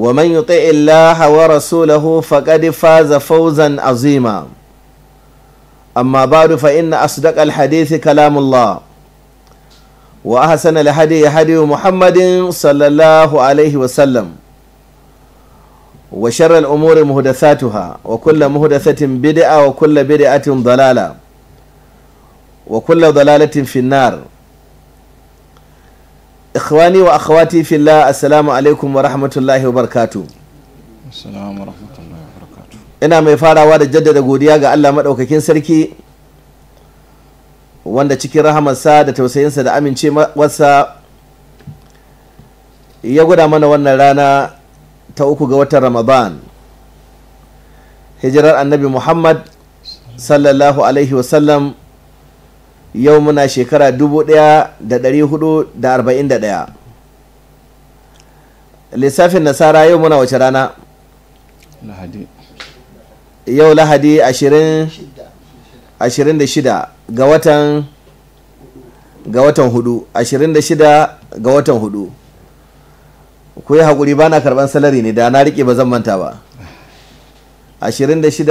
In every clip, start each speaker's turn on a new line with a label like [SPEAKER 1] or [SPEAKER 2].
[SPEAKER 1] ومن يطع الله ورسوله فقد فاز فوزا عظيما أما بعد فإن أصدق الحديث كلام الله وأحسن الهدي هدي محمد صلى الله عليه وسلم وشر الأمور مهدثاتها وكل مهدثة بدعة وكل بدعة ضلالة وكل ضلالة في النار ikhwani wa akhawati fillah assalamu alaikum wa rahmatullahi wa barakatu ina mai farawa da jaddada godiya ga Allah maɗaukakin sarki wanda cikin rahamarsa da tausayinsa da amince wasa ya gwada mana wannan rana ta uku ga watan ramadan hijirar annabi muhammad sallallahu alaihi wasallam yau muna shekara 1441 lissafin nasara yau muna wace rana yau lahadi 26 ga watan ga watan hudu 26 ga watan hudu ku yi haƙuri ba na karɓar salari ne da na riƙe ba zan manta ba 26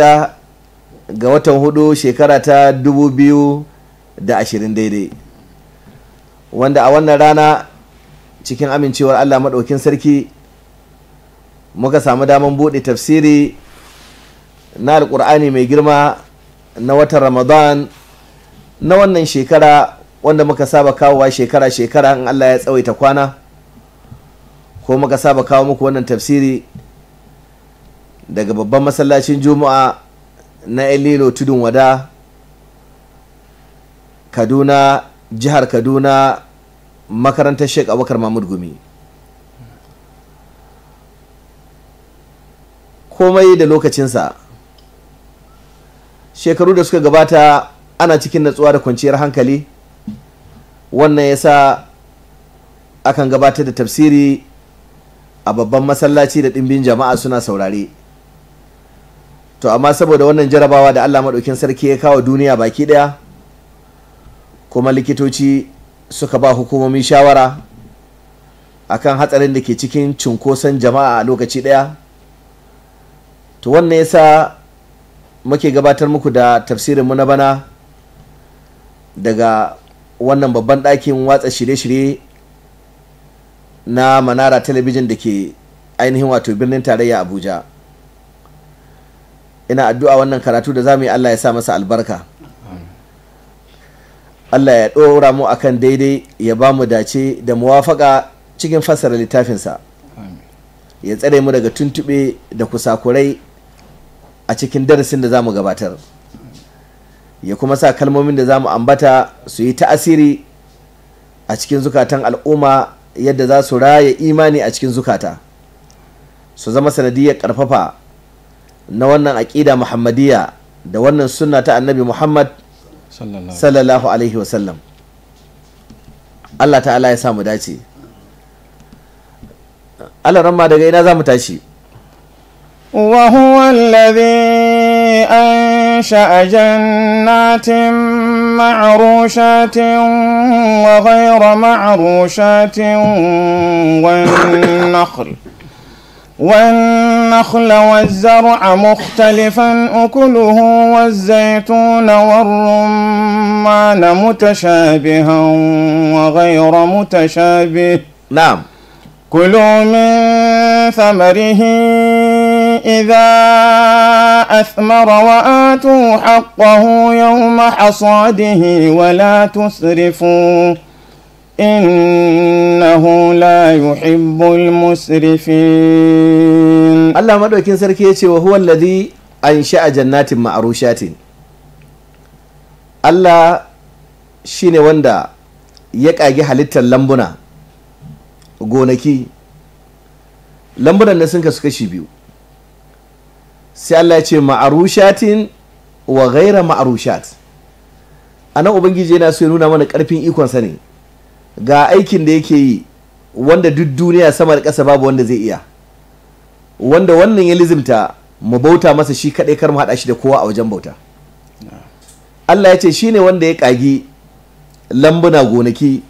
[SPEAKER 1] ga watan hudu shekara ta 2000 da ashirin daidai wanda a wannan rana cikin amincewar allah maɗaukin sarki muka samu daman buɗe tafsiri na alƙur'ani mai girma na watan ramadan na wannan shekara wanda muka saba kawowa shekara-shekara in allah ya tsawaita kwana ko muka saba kawo muku wannan tafsiri daga babban masallacin juma'a na lilo tudun wada kaduna jihar kaduna makarantar sheik abubakar mahmud gumi komai da lokacinsa shekaru da suka gabata ana cikin natsuwa da kwanciyar hankali wannan ya sa akan gabatar da tafsiri a babban masallaci da ɗimbin jama'a suna saurare to amma saboda wannan jarabawa da allah maɗaukin sarki ya kawo duniya baki ɗaya kuma likitoci suka ba hukumomi shawara akan hatsarin da ke cikin cunkoson jama'a a lokaci ɗaya to wannan yasa muke gabatar muku da tafsirinmu na bana daga wannan babban ɗakin watsa shirye-shirye na manara talabijin da ke ainihin wato birnin tarayya abuja ina addu'a wannan karatu da za mu yi allah ya sa masa albarka Allah ya ɗora mu akan daidai ya ba mu dace da muwafaƙa cikin fassara littafinsa ya tsare mu daga tuntuɓe da kusakurai a cikin darasin da za mu gabatar ya kuma sa kalmomin da za mu ambata su yi ta'asiri a cikin zukatan al'umma yadda za su raya imani a cikin zukata su zama sanadiyar ƙarfafa na wannan aƙida muhammadiyya da wannan sunna ta annabi muhammad sallallahu alaihi wasallam Allah ta'ala ya samu dace Allah ramma daga ina za mu tashi wa huwa alladhi
[SPEAKER 2] ansha'a jannatin ma'rushatin wa ghayra ma'rushatin wan nakhl والنخل والزرع مختلفا أكله والزيتون والرمان متشابها وغير متشابه نعم كلوا من ثمره إذا أثمر وآتوا حقه يوم حصاده ولا تسرفوا innahu la al
[SPEAKER 1] musrifin Allah madaukin sarki yace ce wa huwa alladhi ansha'a jannatin ma'arushatin Allah shine wanda ya kage halittar lambuna gonaki lambunan na sun kasu kashi biyu sai Allah ya ce ma'arushatin wa ghaira ma'arushat anan ubangiji yana so ya nuna mana karfin ikonsa ne ga aikin da yake yi wanda duk duniya sama da ƙasa babu wanda zai iya wanda wannan ya lizimta mu bauta masa shi kaɗai kar mu haɗa shi da kowa a wajen bauta Allah ya ce shi ne wanda ya ƙagi lambuna gonaki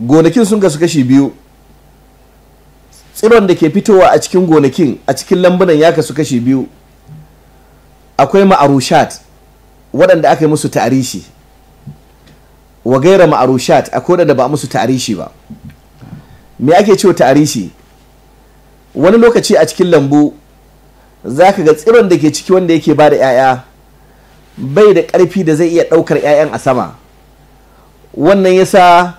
[SPEAKER 1] gonakin sun kasu kashi biyu tsiron da ke fitowa a cikin gonakin a cikin lambunan ya kasu kashi biyu akwai ma'arushat waɗanda aka yi musu tarishi wa gaira ma'arushat a koda da ba musu tarishi ba me ake cewa tarishi wani lokaci a cikin lambu za ka ga tsiron da ke ciki wanda yake ba da 'ya'ya bai da ƙarfi da zai iya ɗaukar 'ya'yan a sama wannan yasa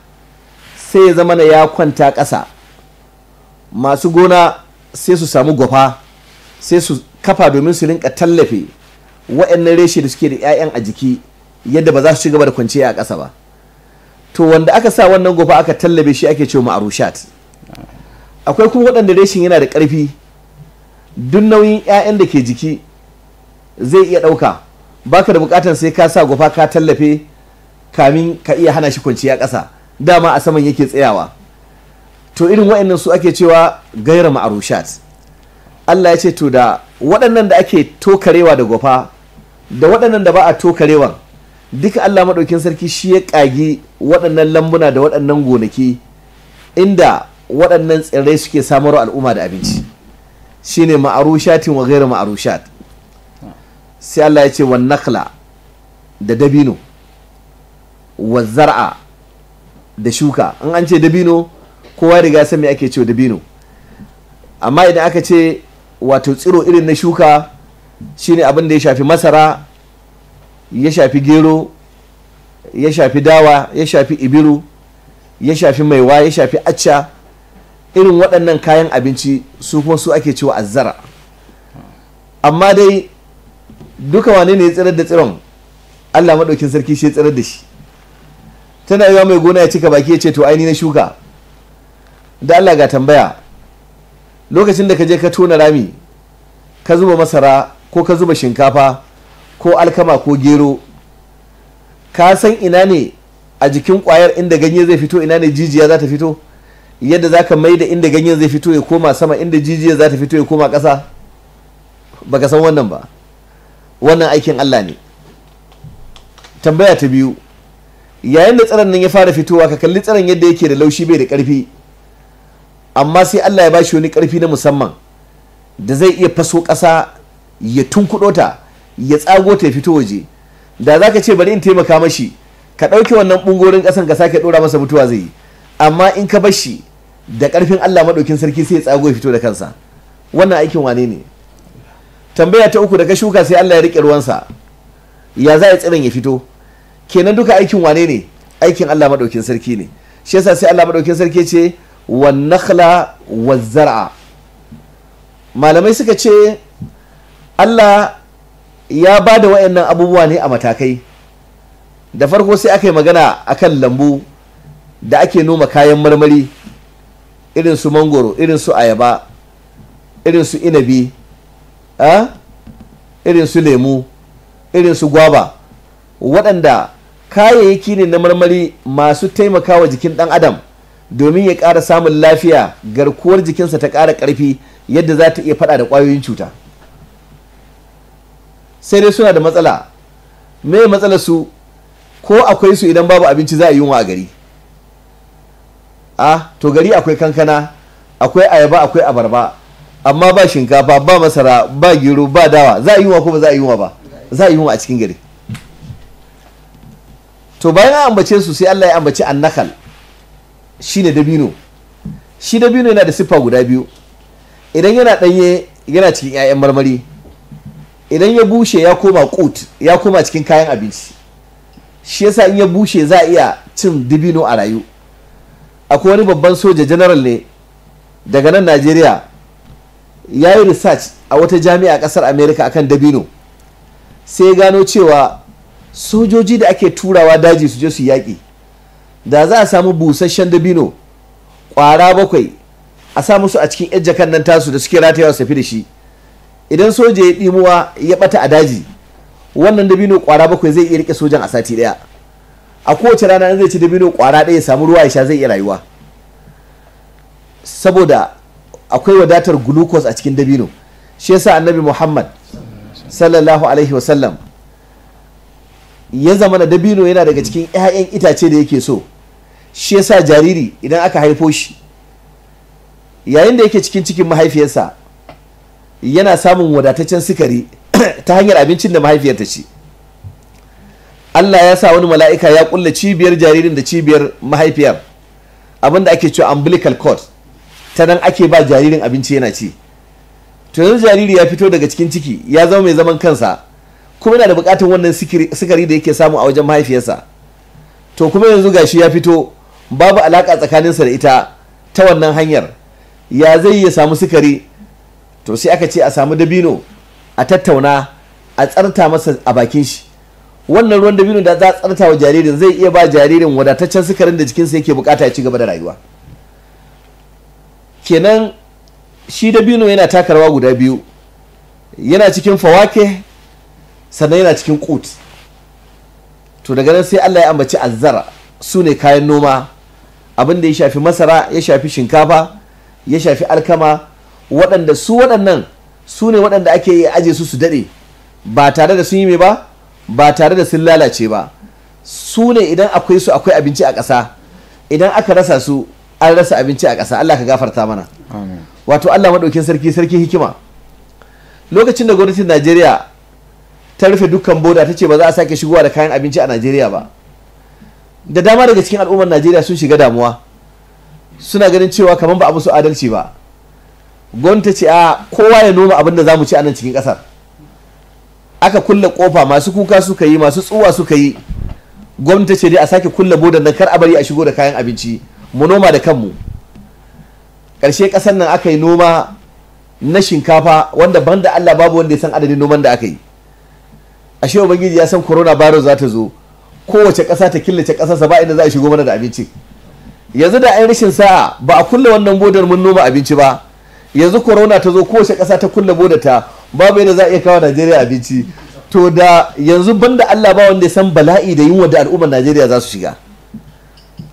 [SPEAKER 1] sai ya zama na ya kwanta ƙasa masu gona sai su samu gwafa sai su kafa domin su rinka tallafe waɗannan reshe da suke da 'ya'yan a jiki yadda ba za su ci gaba da kwanciya a ƙasa ba to wanda aka sa wannan gofa aka tallabe shi ake cewa ma'arushat akwai kuma waɗanda reshin yana da ƙarfi duk nauyin 'ya'yan da ke jiki zai iya ɗauka baka da bukatan sai ka sa gofa ka tallafe kamin ka iya hana shi kwanciya ƙasa dama a saman yake tsayawa to irin waɗannan su ake cewa gaira ma'arushat Allah ya ce to da waɗannan da ake tokarewa da gofa da waɗannan da ba a tokarewa duka Allah maɗaukin sarki shi ya ƙagi waɗannan lambuna da waɗannan gonaki inda waɗannan tsirrai suke samar al'umma da abinci Shi ne ma'arushatin wa gairu ma'arushat sai Allah ya ce wa nakla da dabino wa zar'a da shuka in an ce dabino kowa riga san me ake cewa dabino amma idan aka ce wato tsiro irin na shuka shine abin da ya shafi masara ya shafi gero ya shafi dawa ya shafi ibiru ya shafi maiwa ya shafi acca irin waɗannan kayan abinci su kuma su ake cewa azzara amma dai duka wane ne ya tsirar da tsiron allah maɗaukin sarki shi ya tsirar da shi tana yiwa mai gona ya cika baki ya ce to aini na shuka da allah ga tambaya lokacin da ka je ka tona rami ka zuba masara ko ka zuba shinkafa ko alkama ko gero ka san ina ne a jikin kwayar inda ganye zai fito ina ne jijiya za ta fito yadda za ka mai da inda ganyen zai fito ya koma sama inda jijiya za ta fito ya koma ƙasa ba ka san wannan ba wannan aikin allah ne tambaya ta biyu yayin da tsaron nan ya fara fitowa ka kalli tsaron yadda yake da laushi bai da ƙarfi amma sai allah ya bashi wani ƙarfi na musamman da zai iya faso ƙasa ya tunkuɗo ta ya tsago ta fito waje da za ka ce bari in taimaka mashi ka ɗauke wannan ɓungorin ƙasan ka sake ɗora masa mutuwa zai yi amma in ka bar shi da ƙarfin Allah maɗaukin sarki sai ya tsago ya fito da kansa wannan aikin wane ne tambaya ta uku da ka shuka sai Allah ya riƙe ruwansa ya za ya tsirin ya fito kenan duka aikin wane ne aikin Allah maɗaukin sarki ne shi yasa sai Allah maɗaukin sarki ce wa nakhla wa zar'a malamai suka ce Allah ya ba da wa'annan abubuwa ne a matakai da farko sai aka yi magana a kan lambu da ake noma kayan marmari irin su mangoro irin su ayaba irin su inabi irin su lemu irin su gwaba waɗanda kayayyaki ne na marmari masu taimakawa jikin ɗan adam domin ya ƙara samun lafiya garkuwar jikinsa ta ƙara ƙarfi yadda za ta iya faɗa da ƙwayoyin cuta. sai dai suna da matsala me matsalar su ko akwai su idan babu abinci za a yi a gari a to gari akwai kankana akwai ayaba akwai abarba amma ba shinkafa ba masara ba gero ba dawa za a yi ko ba za a yi ba za a yi a cikin gari to bayan an ambace su sai Allah ya ambaci annakal shine dabino shi dabino yana da siffa guda biyu idan yana danye yana cikin 'ya'yan marmari idan ya bushe ya koma kut ya koma cikin kayan abinci shi yasa in ya bushe za a iya cin dibino a rayu akwai wani babban soja general ne daga nan najeriya ya yi research a wata jami'a a kasar america akan dabino sai ya gano cewa sojoji da ake turawa daji su je su yaƙi da za a samu busasshen dabino ƙwara bakwai a sa musu a cikin 'yan jakan nan tasu da suke ratayawa su fi da shi idan soja ya ɗimuwa ya ɓata a daji wannan dabino ƙwara bakwai zai iya rike sojan a sati ɗaya a kowace rana zai ci dabino ƙwara ɗaya ya samu ruwa ya sha zai iya rayuwa saboda akwai wadatar glucose a cikin dabino shi yasa annabi muhammad sallallahu alaihi wasallam ya zama na dabino yana daga cikin 'ya'yan itace da yake so shi yasa jariri idan aka haifo shi yayin da yake cikin cikin mahaifiyarsa yana samun wadataccen sikari ta hanyar abincin da mahaifiyar ta ci Allah ya sa wani mala'ika ya kulle cibiyar jaririn da cibiyar mahaifiyar abinda ake cewa umbilical cord ta nan ake ba jaririn abinci yana ci to yanzu jariri ya fito daga cikin ciki ya zama mai zaman kansa kuma yana da bukatar wannan sikari da yake samu a wajen mahaifiyarsa to kuma yanzu gashi ya fito babu alaka tsakaninsa da ita ta wannan hanyar ya zai iya samu sikari to sai aka ce a samu dabino a tattauna a tsarta masa a bakin shi wannan ruwan dabino da za a tsarta wa jaririn zai iya ba jaririn wadataccen sukarin da jikinsa yake bukata ya ci gaba da rayuwa kenan shi dabino yana taka rawa guda biyu yana cikin fawake sannan yana cikin kut to daga nan sai Allah ya ambaci azzara su ne kayan noma abin da ya shafi masara ya shafi shinkafa ya shafi alkama waɗanda su waɗannan su ne waɗanda ake aje su su daɗe ba tare da sun yi mai ba ba tare da sun lalace ba su ne idan akwai su akwai abinci a ƙasa idan aka rasa su an rasa abinci a ƙasa Allah ka gafarta mana wato Allah maɗaukin sarki sarki hikima lokacin da gwamnatin Najeriya ta rufe dukkan boda ta ce ba za a sake shigowa da kayan abinci a Najeriya ba da dama daga cikin al'ummar Najeriya sun shiga damuwa suna ganin cewa kamar ba a musu adalci ba gwamnati ce a kowa ya noma abin da za mu ci a nan cikin ƙasar aka kulle kofa masu kuka suka yi masu tsuwa suka yi gwamnati ce dai a sake kulle bodan nan kar a bari a shigo da kayan abinci mu noma da kanmu ƙarshe ƙasar nan aka yi noma na shinkafa wanda banda Allah babu wanda ya san adadin noman da aka yi ashe bangiji ya san corona virus za ta zo kowace ƙasa ta killace ƙasarsa ba inda za a shigo mana da abinci yanzu da an rashin sa'a ba a kulle wannan bodar mun noma abinci ba yanzu corona ta zo kowace ƙasa ta kulle boda ta babu yadda za a iya kawo najeriya abinci to da yanzu banda allah ba wanda ya san bala'i da yunwa da al'ummar najeriya za su shiga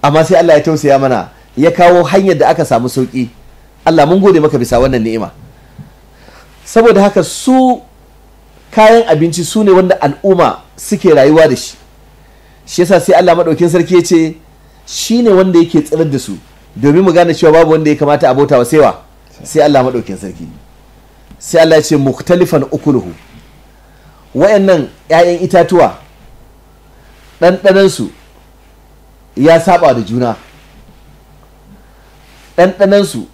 [SPEAKER 1] amma sai allah ya tausaya mana ya kawo hanyar da aka samu sauƙi allah mun gode maka bisa wannan ni'ima saboda haka su kayan abinci su ne wanda al'umma suke rayuwa da shi shi yasa sai allah maɗaukin sarki ya ce shi ne wanda yake tsirar da su domin mu gane cewa babu wanda ya kamata a bautawa saiwa sai Allah maɗaukin sarki sai Allah ce muktalifan ukuluhu wayannan 'ya'yan itatuwa ɗanɗanansu ya saba da juna ɗanɗanansu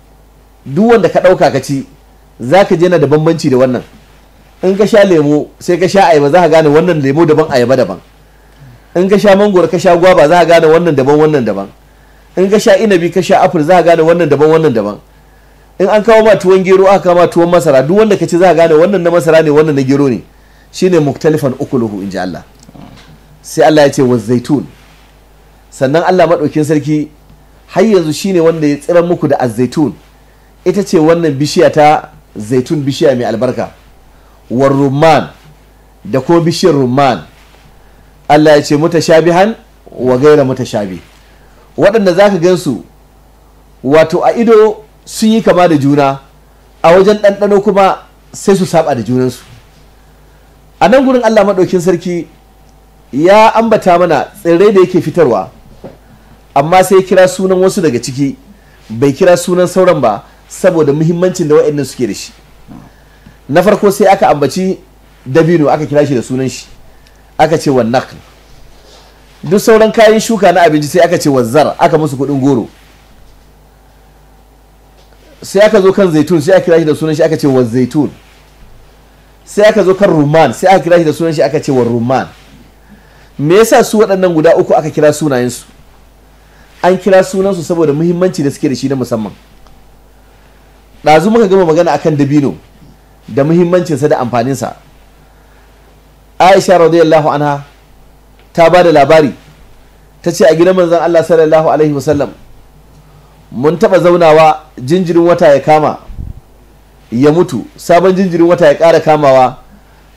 [SPEAKER 1] duk wanda ka ɗauka ka ci za ka jana da bambanci da wannan in ka sha lemo sai ka sha ayaba za ka gane wannan lemo daban ayaba daban in ka sha mangoro ka sha gwaba za ka gane wannan daban wannan daban in ka sha inabi ka sha apple za ka gane wannan daban wannan daban in an kawo ma tuwon gero aka kawo ma tuwon masara duk wanda ka ci za a gane wannan na masara ne wannan na gero ne shine muktalifan ukuluhu inji Allah sai Allah ya ce wa zaitun sannan Allah maɗaukin sarki har yanzu shi ne wanda ya tsira muku da azzaitun ita ce wannan bishiya ta zaitun bishiya mai albarka war rumman da ko bishiyar rumman Allah ya ce mutashabihan wa gaira mutashabi waɗanda zaka gansu wato a ido sun yi kama da juna a wajen ɗanɗano kuma sai su saba da junansu a nan gurin allah maɗaukin sarki ya ambata mana tsirrai da yake fitarwa amma sai kira sunan wasu daga ciki bai kira sunan sauran ba saboda muhimmancin da wa'annan suke da shi na farko sai aka ambaci dabino aka kira shi da sunan shi aka ce wannan duk sauran kayan shuka na abinci sai aka ce wazzar aka musu kuɗin goro sai aka zo kan zaitun sai aka kira shi da sunan shi aka ce wa zaitun sai aka zo kan ruman sai aka kira shi da sunan shi aka ce wa ruman me yasa su waɗannan guda uku aka kira sunayensu an kira sunansu saboda muhimmanci da suke da shi na musamman ɗazu muka gama magana akan dabino da muhimmancinsa da amfaninsa aisha radiyallahu anha ta ba da labari ta ce a gidan manzon allah sallallahu alaihi wasallam mun taɓa zaunawa jinjirin wata ya kama ya mutu sabon jinjirin wata ya ƙara kamawa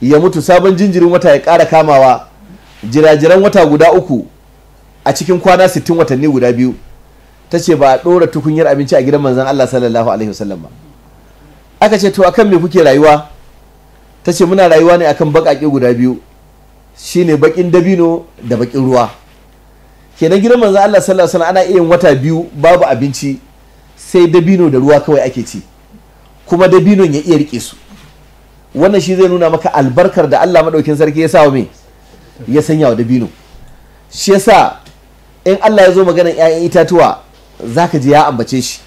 [SPEAKER 1] ya mutu sabon jinjirin wata ya ƙara kamawa jirajiran wata guda uku a cikin kwana 60 watanni guda biyu ta ce ba a ɗora tukunyar abinci a gidan manzan Allah sallallahu alaihi wasallam ba aka ce to akan me kuke rayuwa ta ce muna rayuwa ne akan baƙaƙe guda biyu shine baƙin dabino da baƙin ruwa kenan gidan manzon Allah sallallahu alaihi wasallam ana iya wata biyu babu abinci sai dabino da ruwa kawai ake ci kuma dabinon ya iya rike su wannan shi zai nuna maka albarkar da Allah madaukin sarki ya wa me ya sanya wa dabino shi yasa in Allah ya zo maganan ƴaƴan itatuwa zaka ji ya ambace shi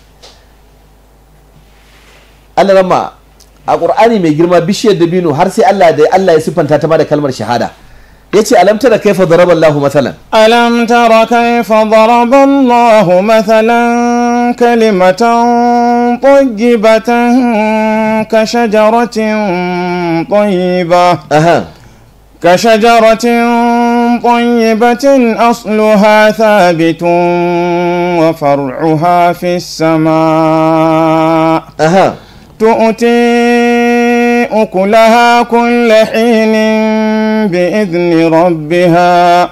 [SPEAKER 1] Allah rama a ƙur'ani mai girma bishiyar dabino har sai Allah da Allah ya siffanta ta ma da kalmar shahada yace alam tara kaifa daraba Allahu mathalan alam tara kaifa
[SPEAKER 2] daraba Allahu mathalan kalimatan tayyibatan ka shajaratin tayyiba aha ka shajaratin tayyibatin asluha thabitun wa far'uha fis samaa aha tu'ti ukulaha kulla hinin بإذن ربها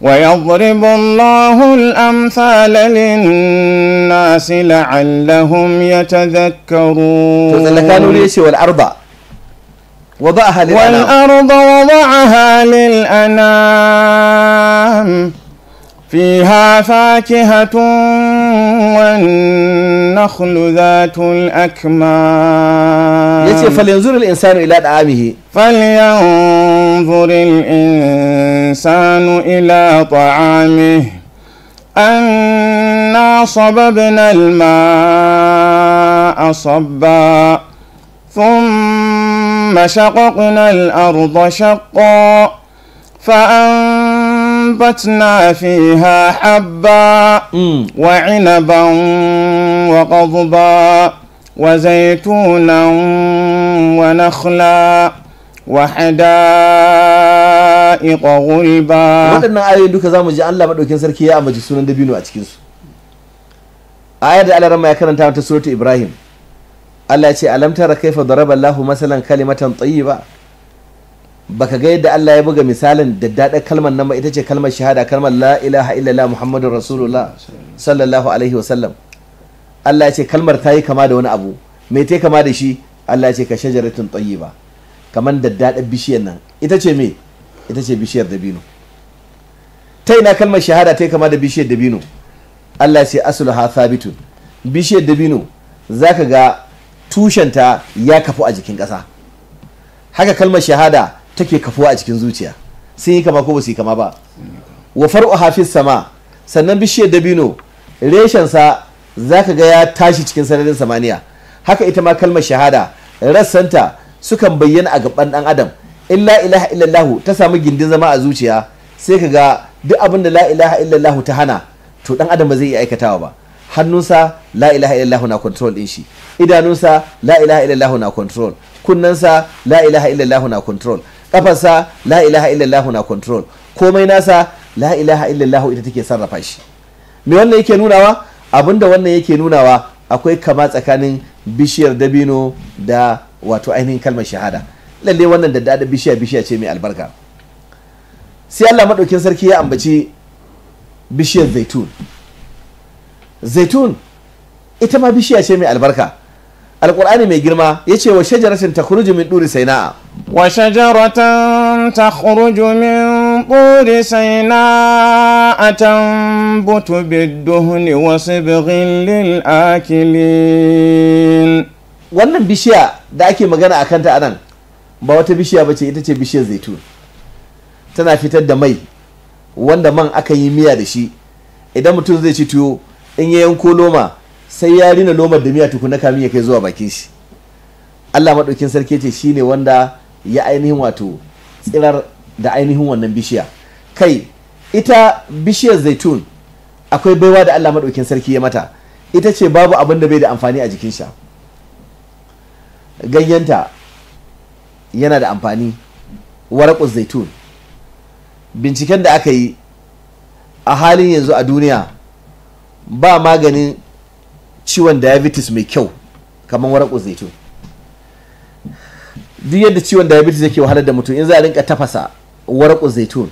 [SPEAKER 2] ويضرب الله الأمثال للناس لعلهم يتذكرون والأرض وضعها للأنام والأرض وضعها للأنام فيها فاكهة والنخل ذات الأكمام يتي فلينظر الإنسان إلى دعامه فلينظر ينظر الإنسان إلى طعامه أنا صببنا الماء صبا ثم شققنا الأرض شقا فأنبتنا فيها حبا وعنبا وقضبا وزيتونا ونخلا
[SPEAKER 1] وحدائق غلبا waɗannan ayoyin duka zamu ji Allah madaukin sarki ya ambaci sunan dabino a cikin su ayar da Allah ya karanta ta suratu Ibrahim Allah ya ce alam tara kaifa daraba Allah masalan kalimatan tayyiba baka ga yadda Allah ya buga misalin daɗa kalmar nan ba ita ce kalmar shahada kalmar la ilaha illallah muhammadur rasulullah sallallahu alaihi wa sallam. Allah ya ce kalmar ta yi kama da wani abu me ta kama da shi Allah ya ce ka shajaratin tayyiba kamar daddaɗar bishiyar nan ita ce me ita ce bishiyar dabino ta ina kalmar shahada ta kama da bishiyar dabino Allah sai ha sabitu bishiyar dabino zaka ga tushenta ya kafu a jikin ƙasa haka kalmar shahada take kafuwa a cikin zuciya sun yi kama ko ba su yi kama ba wa far'u hafiz sama sannan bishiyar dabino reshensa zaka ga ya tashi cikin sararin samaniya haka ita ma kalmar shahada rassanta sukan bayyana a gaban dan adam in la ilaha illallah ta samu gindin zama a zuciya sai ka ga duk abin da la ilaha illallah ta hana to dan adam ba zai iya aikatawa ba hannunsa la ilaha illallah na control din shi idanunsa la ilaha illallah na control Kunnansa la ilaha illallah na control kafarsa la ilaha illallah na control komai nasa la ilaha illallah ita take sarrafa shi me wannan yake nunawa abinda wannan yake nunawa akwai kama tsakanin bishiyar dabino da wato ainihin kalmar shahada lalle wannan da daɗin bishiya bishiya ce mai albarka sai Allah madaukin sarki ya ambaci bishiyar zaitun zaitun ita ma bishiya ce mai albarka alkur'ani mai girma ya ce wa shajaratin ta kuruju min ɗuri saina'a wa shajaratin
[SPEAKER 2] ta kuruju min ɗuri saina'a tanbutu bidduhni wasu birnin lil
[SPEAKER 1] wannan bishiya da ake magana a kanta anan ba wata bishiya ba ce ita ce bishiyar zaitun tana fitar da mai wanda man aka yi miya da shi idan mutum zai ci tuwo in ya yanko loma sai ya rina lomar da miya tukuna kamin ya kai zuwa bakin shi allah maɗaukin sarki ce shi ne wanda ya ainihin wato tsirar da ainihin wannan bishiya kai ita bishiyar zaitun akwai baiwa da allah maɗaukin sarki ya mata ita ce babu abin da bai da amfani a jikin sha ganyenta yana da amfani warakus zaitun binciken da aka yi a halin yanzu a duniya ba maganin ciwon diabetes mai kyau kamar warakus zaitun duk yadda ciwon diabetes yake wahalar da mutum in za a rinka tafasa warakus zaitun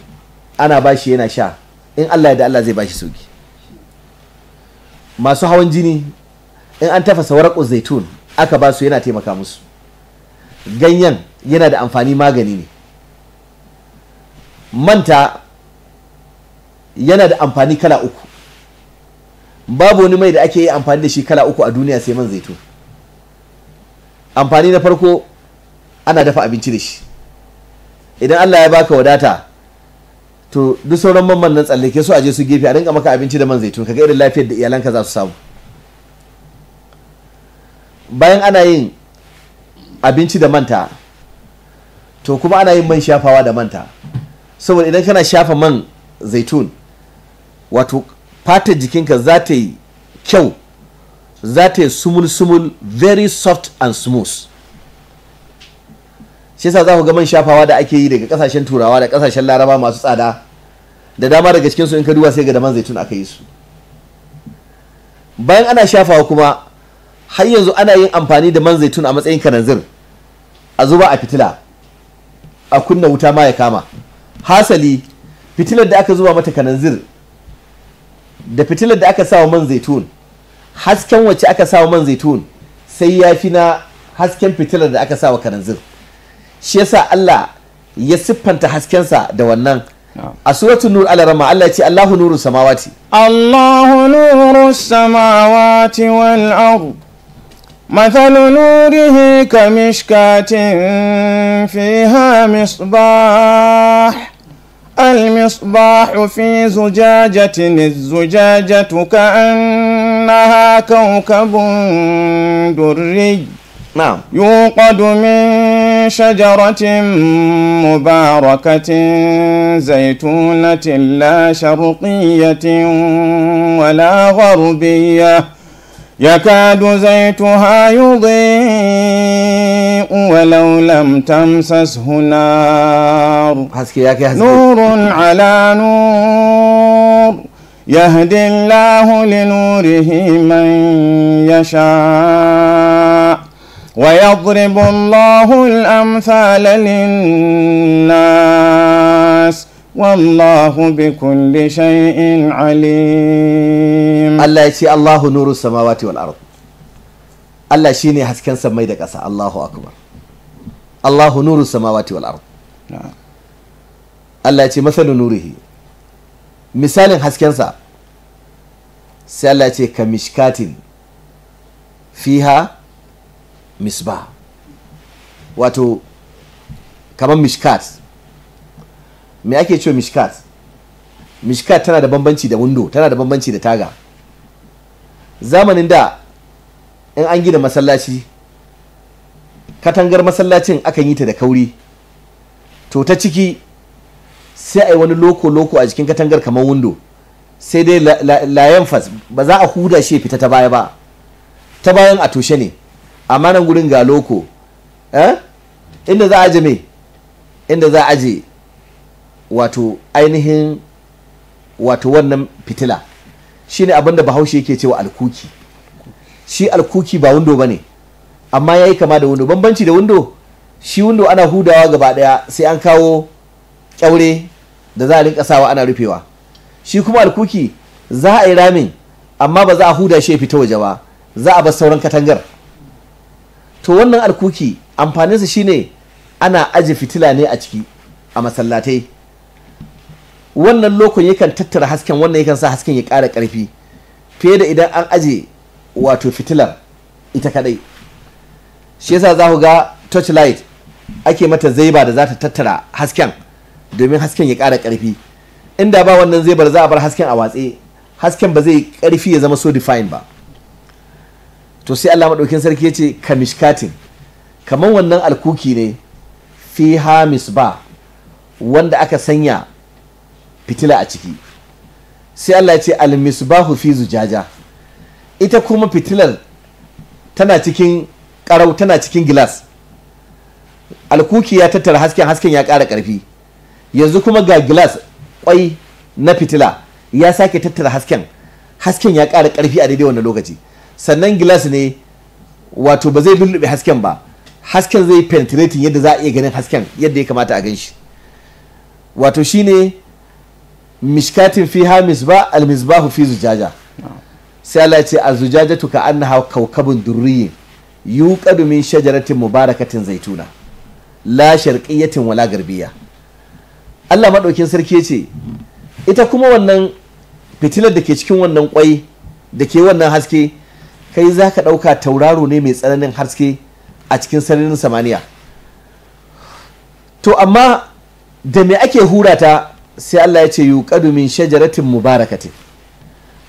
[SPEAKER 1] ana ba shi yana sha in allah da allah zai ba shi sauki masu hawan jini in an tafasa waraƙun zaitun aka ba su yana taimaka musu ganyen yana da amfani magani ne manta yana da amfani kala uku babu wani mai da ake yi amfani da shi kala uku a duniya sai man zaitun amfani na farko ana dafa abinci da shi idan Allah ya baka wadata to duk sauran man nan tsallake su aje su gefe a rinka maka abinci da man zaitun kaga irin lafiyar da iyalanka za su samu bayan ana yin abinci da manta to kuma ana yin man shafawa da manta saboda idan kana shafa man zaitun wato fatar jikinka za ta yi kyau za ta yi sumul-sumul very soft and smooth shi yasa za ku ga man shafawa da ake yi daga kasashen turawa da kasashen laraba masu tsada da dama daga cikinsu in ka duba sai ga da man zaitun aka yi su bayan ana shafawa kuma har yanzu ana yin amfani da man zaitun a matsayin kananzir a zuba a fitila a kunna wuta ma ya kama hasali fitilar da aka zuba mata kananzir da fitilar da aka sawa man zaitun hasken wacce aka wa man zaitun sai ya fi na hasken fitilar da aka sawa kananzir shi yasa Allah ya siffanta haskensa da wannan a suratun nur ala rama Allah ya ce Allahu nuru samawati
[SPEAKER 2] Allahu nuru samawati wal ard مثل نوره كمشكاة فيها مصباح المصباح في زجاجة الزجاجة كأنها كوكب دري نعم يوقد من شجرة مباركة زيتونة لا شرقية ولا غربية يكاد زيتها يضيء ولو لم تمسسه نار نور على نور يهدي الله لنوره من يشاء ويضرب الله الأمثال للناس wallahu bi kulli shay'in alim
[SPEAKER 1] Allah ya ce Allahu nuru samawati wal ard Allah shine hasken samai da ƙasa Allahu akbar Allahu nuru samawati wal ard Allah ya ce masalu misalin hasken sa sai Allah ya ce fiha misbah wato kamar mishkat me ake cewa mishkat mishkat tana da bambanci da window tana da bambanci da taga zamanin da in an gina masallaci katangar masallacin akan yi ta da kauri to ta ciki sai a yi wani loko-loko a jikin katangar kamar windo sai dai layan fas ba za a huda shi fita ta baya ba ta bayan a toshe ne amma nan gurin ga loko eh? inda za a aje me inda za a aje wato ainihin wato wannan fitila shine abin da bahaushe yake cewa alkuki shi alkuki ba wundo ba ne amma ya yi kama da wundo. bambanci da wundo shi wundo ana hudawa gaba daya sai an kawo kyaure da za a rinka sawa ana rufewa shi kuma alkuki za a yi ramin amma ba za a huda shi ya fita waje ba za a bar sauran katangar to wannan alkuki amfaninsa shine ana aje fitila ne a ciki a masallatai wannan lokon yakan tattara hasken wannan yakan sa hasken ya kara karfi fiye da idan an aje wato fitilar ita kadai shi yasa za ku ga torchlight ake mata zaiba da za ta tattara hasken domin hasken ya ƙara ƙarfi inda ba wannan zaibar za a bar hasken a watse hasken ba zai karfi ya zama so defined ba to sai Allah madaukin sarki ya ce kamishkatin kamar wannan alkuki ne fi hamis ba wanda aka sanya fitila a ciki sai Allah ya ce almisbahu fi zujaja ita kuma fitilar tana cikin karau tana cikin gilas alkuki ya tattara hasken hasken ya ƙara ƙarfi yanzu kuma ga gilas kwai na fitila ya sake tattara hasken hasken ya ƙara ƙarfi a daidai wannan lokaci sannan gilas ne wato ba zai lullube hasken ba hasken zai penetrating yadda za a iya ganin hasken yadda ya kamata a gan shi wato shine fi ha misba al misbahu fi zujaja sai Allah ce a tu ka annaha kaukabun durriyi yuqadu min shajaratin mubarakatin zaituna la sharqiyatin wala garbiya Allah madaukin sarki ce ita kuma wannan fitilar da ke cikin wannan kwai da ke wannan haske kai za ka ɗauka tauraro ne mai tsananin haske a cikin sararin samaniya to amma da me ake hura ta sai Allah ya ce yuqadu min shajaratin mubarakatin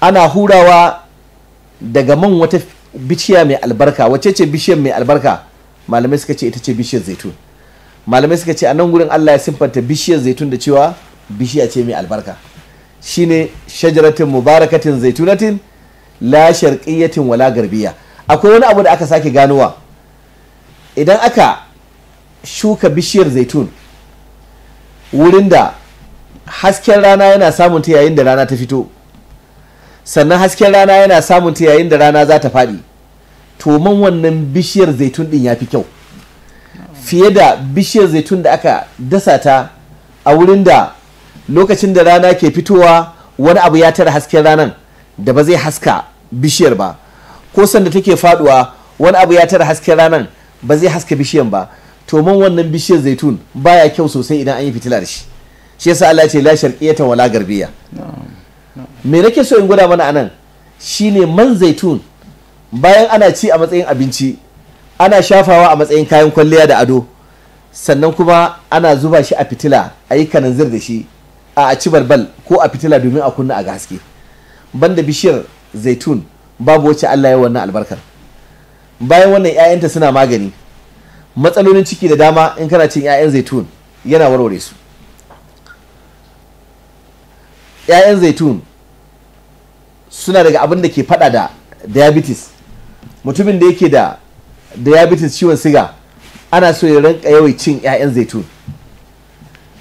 [SPEAKER 1] ana hurawa daga man wata bishiya mai albarka wacce ce bishiyar mai albarka malamai suka ce ita ce bishiyar zaitun malamai suka ce a nan gurin Allah ya siffanta bishiyar zaitun da cewa bishiya ce mai albarka shine shajaratin mubarakatin zaitunatin la sharqiyatin wala garbiya akwai wani abu da aka sake ganowa idan aka shuka bishiyar zaitun wurin da hasken rana yana samun ta yayin da rana ta fito sannan hasken rana yana samun ta yayin da rana za ta faɗi to man wannan bishiyar zaitun din ya fi kyau fiye da bishiyar zaitun da aka dasa ta a wurin da lokacin da rana ke fitowa wani abu ya tara hasken ranan da ba zai haska bishiyar ba ko sanda take faduwa wani abu ya tara hasken ranan ba zai haska bishiyar ba to man wannan bishiyar zaitun baya kyau sosai idan an yi fitila da shi shi yasa Allah ce la sharqiyata wala garbiya me nake so in gwada mana anan shine man zaitun bayan ana ci a matsayin abinci ana shafawa a matsayin kayan kwalliya da ado sannan kuma ana zuba shi a fitila a yi kananzir da shi a ci barbal ko a fitila domin a kunna a ga haske banda bishiyar zaitun babu wacce Allah ya wannan albarkar bayan wannan 'ya'yanta suna magani matsalolin ciki da dama in kana cin 'ya'yan zaitun yana warware su 'ya'yan zaitun suna daga abin da ke fada da diabetes mutumin da yake da diabetes ciwon siga ana so ya rinka yawai cin 'ya'yan zaitun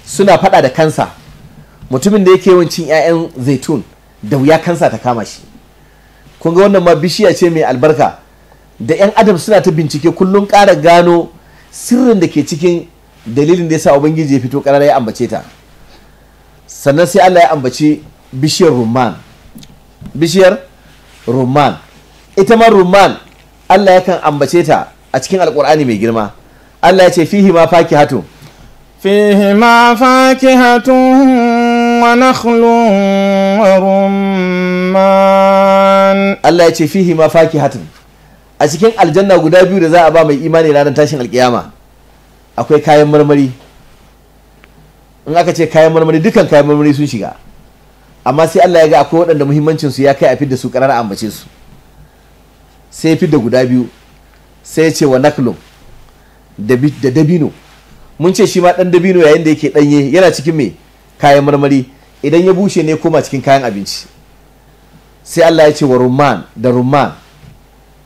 [SPEAKER 1] suna fada da kansa mutumin da yake yawan cin 'ya'yan zaitun da wuya kansa ta kama shi Kunga wannan ma bishiya ce mai albarka da 'yan adam suna ta bincike kullum ƙara gano sirrin da ke cikin dalilin da ya sa ubangiji ya fito ƙarar ya ambace ta sannan sai Allah ya ambaci bishiyar rumman bishiyar rumman ita ma rumman Allah yakan ambace ta a cikin alkur'ani mai girma Allah ya ce fihi ma faki hatu fihi ma hatu wa nakhlun rumman Allah ya ce fihi ma faki hatu a cikin aljanna guda biyu da za a ba mai imani ranar tashin alkiyama akwai kayan marmari in aka ce kayan marmari dukkan kayan marmari sun shiga amma sai Allah ya ga akwai waɗanda muhimmancin su ya kai a fidda su ƙarar ambace su sai fidda guda biyu sai ya ce wa naklum da dabino mun ce shi ma ɗan dabino yayin da yake ɗanye yana cikin mai kayan marmari idan ya bushe ne koma cikin kayan abinci sai Allah ya ce wa rumman da rumman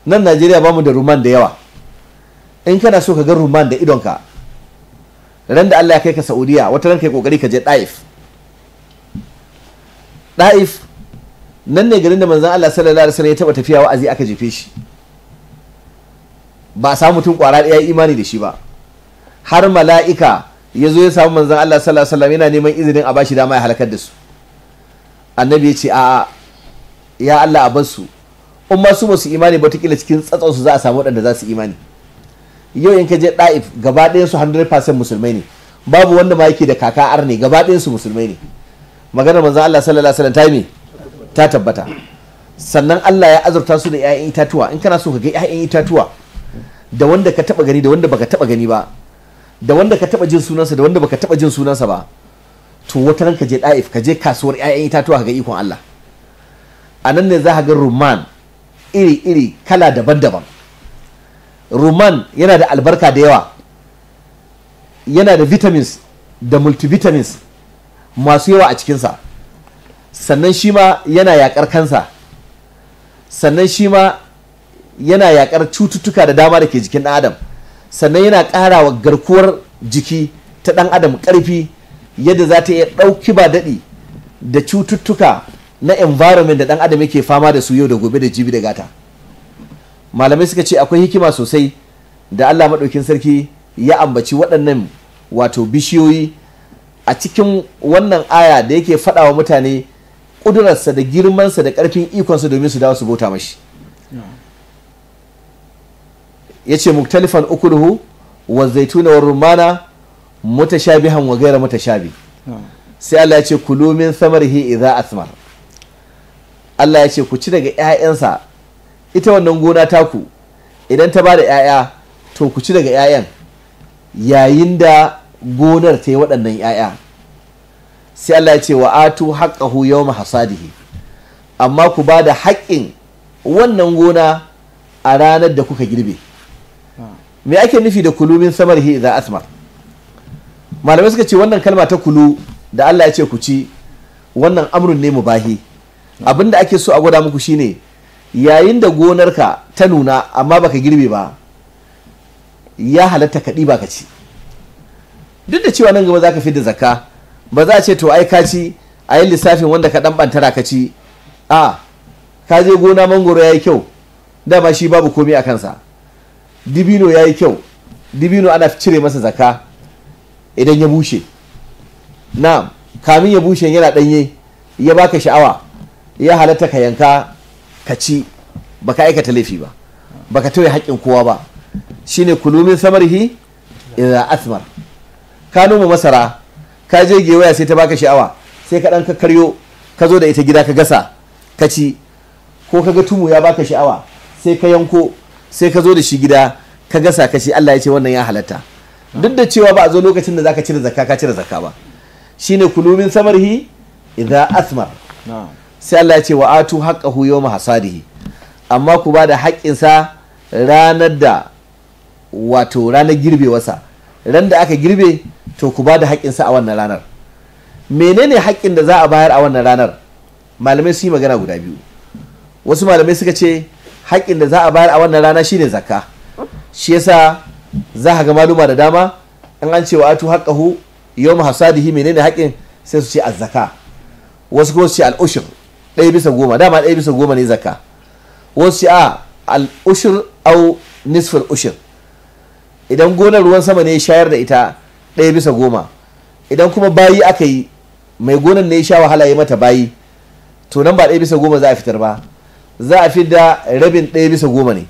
[SPEAKER 1] nan Najeriya bamu da rumman da yawa in kana so ka ga rumman da idonka ran da Allah ya kai ka Saudiya wata ran kai kokari ka je Daif Daif nan ne garin da manzon Allah sallallahu alaihi wasallam ya taba tafiya wa'azi aka jefe shi ba a samu mutum kwara ya yi imani da shi ba har mala'ika ya zo ya samu manzon Allah sallallahu alaihi wasallam yana neman izinin a bashi dama ya halakar da su annabi ya ce a ya Allah a bar su umma su ba su imani ba ta cikin su za a samu waɗanda za su imani yau in ka je da'if gaba ɗaya su 100% musulmai ne babu wanda ma yake da kaka ne gaba ɗaya su musulmai ne magana manzo Allah sallallahu alaihi wasallam ta me ta tabbata sannan Allah ya azurta su da 'ya'yan itatuwa in kana so ka ga 'ya'yan itatuwa da wanda ka taba gani da wanda baka taba gani ba da wanda ka taba jin sunansa da wanda baka taba jin sunansa ba to wata ran ka je da'if ka je kasuwar 'ya'yan itatuwa ka ga ikon Allah a nan ne za ka ga rumman iri-iri kala daban-daban roman yana da albarka da yawa yana da vitamins da multivitamins masu yawa a cikinsa sannan shi ma yana yakar kansa sannan shi ma yana yakar cututtuka da dama da ke jikin ɗan adam sannan yana ƙara wa garkuwar jiki ta ɗan adam ƙarfi yadda za ta iya ɗauki ba daɗi da cututtuka na environment da ɗan adam yake fama da su yau da gobe da jibi da gata. malamai suka ce akwai hikima sosai da Allah maɗaukin sarki ya ambaci waɗannan wato bishiyoyi a cikin wannan aya da yake faɗawa mutane ƙudurarsa da girmansa da ƙarfin ikonsa domin su dawo su bauta mashi ya ce muktalifan ukuluhu wa zaituna wa rumana mutashabihan wa gaira mutashabi sai Allah ya ce kulu min idza asmar Allah ya ce ku ci daga 'ya'yansa ita wannan gona taku idan ta ba da 'ya'ya to ku ci daga 'ya'yan yayin da gonar ta yi waɗannan 'ya'ya sai Allah ya ce wa atu haqqahu yawma hasadihi amma ku ba da haƙƙin wannan gona a ranar da kuka girbe me ake nufi da kulu min samar idza asmar malamai suka ce wannan kalma ta kulu da Allah ya ce ku ci wannan amrun ne mu mubahi abinda ake so a gwada muku shine yayin da gonarka ta nuna amma baka girbe ba ya halatta ka ɗiba ka ci duk da cewa nan gaba za ka da zaka ba za a ce to ai ka ci a yi lissafin wanda ka ɗan ɓantara ka ci a ka je gona mangoro ya yi kyau dama shi babu komai a kansa dibino ya yi kyau dibino ana cire masa zaka idan ya bushe na kamin ya bushe yana ɗanye ya baka sha'awa ya halatta ka yanka ka ci ba ka aikata laifi ba baka tauye haƙƙin kowa ba shine kulumin samarhi ina asmar ka noma masara ka je gewaya sai ta baka sha'awa sai ka ɗan ka karyo ka zo da ita gida ka gasa ka ci ko ka ga tumu ya baka sha'awa sai ka yanko sai ka zo da shi gida ka gasa ka ci Allah ya ce wannan ya halatta duk da cewa ba a zo lokacin da za ka cire zakka ka cire zakka ba shine kulumin samarhi ina asmar sai Allah ya ce wa atu haqqahu ma hasadihi amma ku ba da haƙƙinsa ranar da wato ranar girbewarsa ran da aka girbe to ku ba da haƙƙinsa a wannan ranar menene haƙƙin da za a bayar a wannan ranar malamai su yi magana guda biyu wasu malamai suka ce haƙƙin da za a bayar a wannan rana shine zakka shi yasa za ka ga maluma da dama in an ce wa atu yau yawm hasadihi menene haƙƙin sai su ce azzaka wasu kuma su ce al'ushir ɗaya bisa goma dama ɗaya bisa goma ne zaka. wasu a al'ushir au nisfar ushir idan gonar ruwan sama ne shayar da ita ɗaya bisa goma idan kuma bayi aka yi mai gonar ne sha wahala ya mata bayi to nan ba ɗaya bisa goma za a fitar ba za a fidda rabin ɗaya bisa goma ne